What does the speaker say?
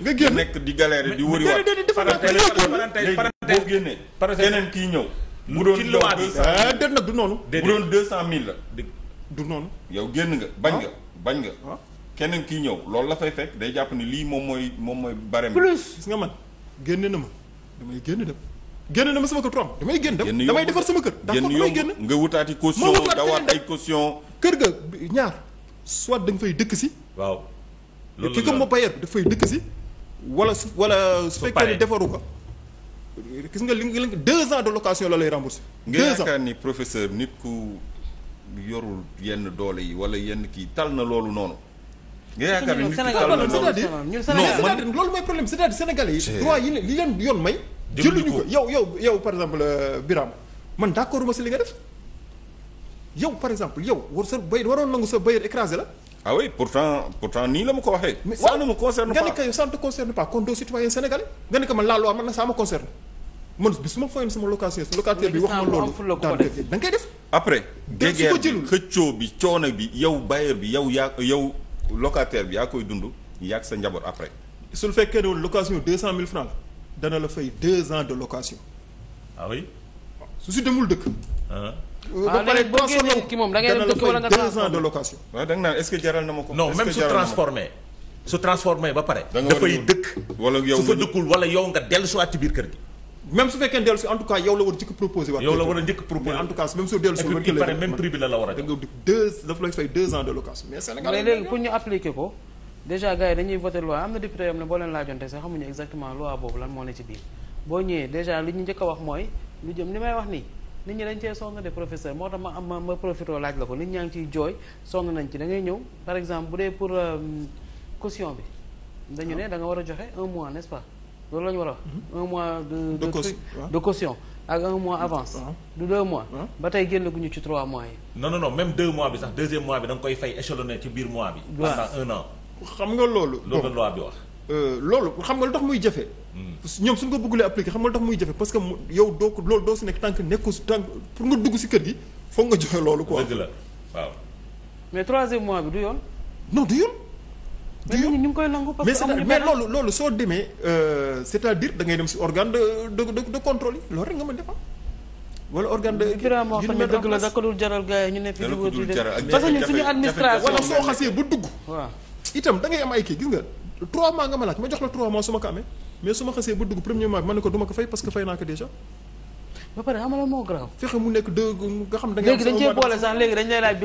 nga génn nekk di galère di wëri waat parenthèse parenthèse boo génnee keneen kii ñëw mu doon eh, déet nag du noonu bu doon deux cent mille la du noonu yow génn nga bañ nga ah. bañ nga ah. keneen kii ñëw loolu la fay fekk day jàpp ni lii moom mooy moom mooy barem plus gis nga man génne na ma damay génn dem génn na ma sama kër trop damay génn dem damay defar sama kër d'accord damay génn nga wutaati caution dawaat ay caution kër ga ñaar soit da nga fay dëkk si waaw ki comme ma bayer dafay dëkk si wala su wala su fekkee defaru ko gis nga li deux ans de location la lay remboursé. deux ans nga yaakaar ni professeur nit ku yorul yenn doole yi wala yenn kii tal na loolu noonu. nga yaakaar ni nit ki tal na loolu c'est-à-dire non man loolu mooy problème c'est-à-dire sénégalais yi. droit yi li leen yoon may. jëluñu ko yow yow yow par exemple euh, Birame man d'accord ma si li nga def yow par exemple yow war sa bay waroon nangu sa bailleur écrasé la. ah oui pourtant pourtant nii la ma ko waxee. ça ne me concerne pas nga ne que ça ne te concerne pas kon doo citoyen sénégalais nga ne que man laa loi man na ça me concerne man bi su ma fayoon sama location locataire bi wax ma loolu bi xëccoo bi bi yow bailleur bi yaa yow locataire bi yaa koy dund yàgg sa njaboot après. su fekkee ne woon location deux cent mille francs dana la fay deux ans de location. ah su si demul dëkk. Ah. ba euh, ah, pare boo ki moom da ngay deux ans de location. waaw da su transformé su transformé ba pare. dafay dëkk. su fa dëkkul wala yow nga dellu si waat biir kër gi. même su fekkee dellu si en tout cas yow la war a njëkk proposé. waat yow la war a njëkk proposé en tout cas même soo dellu si. et puis pare même prix bi la war a jox. da nga deux dafa lay fay deux ans de location. mais Sénégal mais xamuñu exactement loi boobu lan moo ne ci biir boo ñëwee déjà li ñu njëkk a wax nit ñi dañ cee sonn de professeur moo tax ma am ma ma profité laaj la ko nit ñaa ngi ciy jooy sonn nañ ci da ngay ñëw par exemple bu dee pour euh, caution bi dañu ne ah. da nga war a joxe un mois n'est-ce pas loolu la ñu war a wax mm-hmm. un mois de de truc de caution ak un mois avance ah. du deux mois ah. ba tey génn gu ci trois mois yi non non non même deux mois bi sax deuxième mois bi da nga koy fay échelonné ci biir mois bi pendant un an xam nga loolu loolu la loi bi wax Euh, loolu xam nga lu tax muy jafe. Hmm. ñoom su ko bëggulee appliquer xam nga lu tax muy jafe parce que yow doo ko loolu doo si nekk tant que nekkul si tant pour nga dugg si kër gi foog nga joxe loolu quoi. mais troisième mois bi du yoon. non du yoon. du yoon ñu ngi koy nangu parce que mais loolu loolu soo demee euh, c'est-à-dire da ngay dem si organe de de de contrôle yi loolu rek nga mën defam ah. wala organe de moo xam ne dëgg la da ko dul jaral gars yi ñu ne fi di wër di def parce que ñun administration wala soo xasee ba dugg. itam da ngay am ay kii gis nga. trois mois nga ma laaj ma jox la trois mois su ma ko amee mais su ma xasee ba dugg premier mois bi ne ko du ko fay parce que fay naa ko déjà. ba pare xam nga moo garaaw. fexe mu nekk deux nga xam da nga. léegi boole sax léegi dañ lay laaj.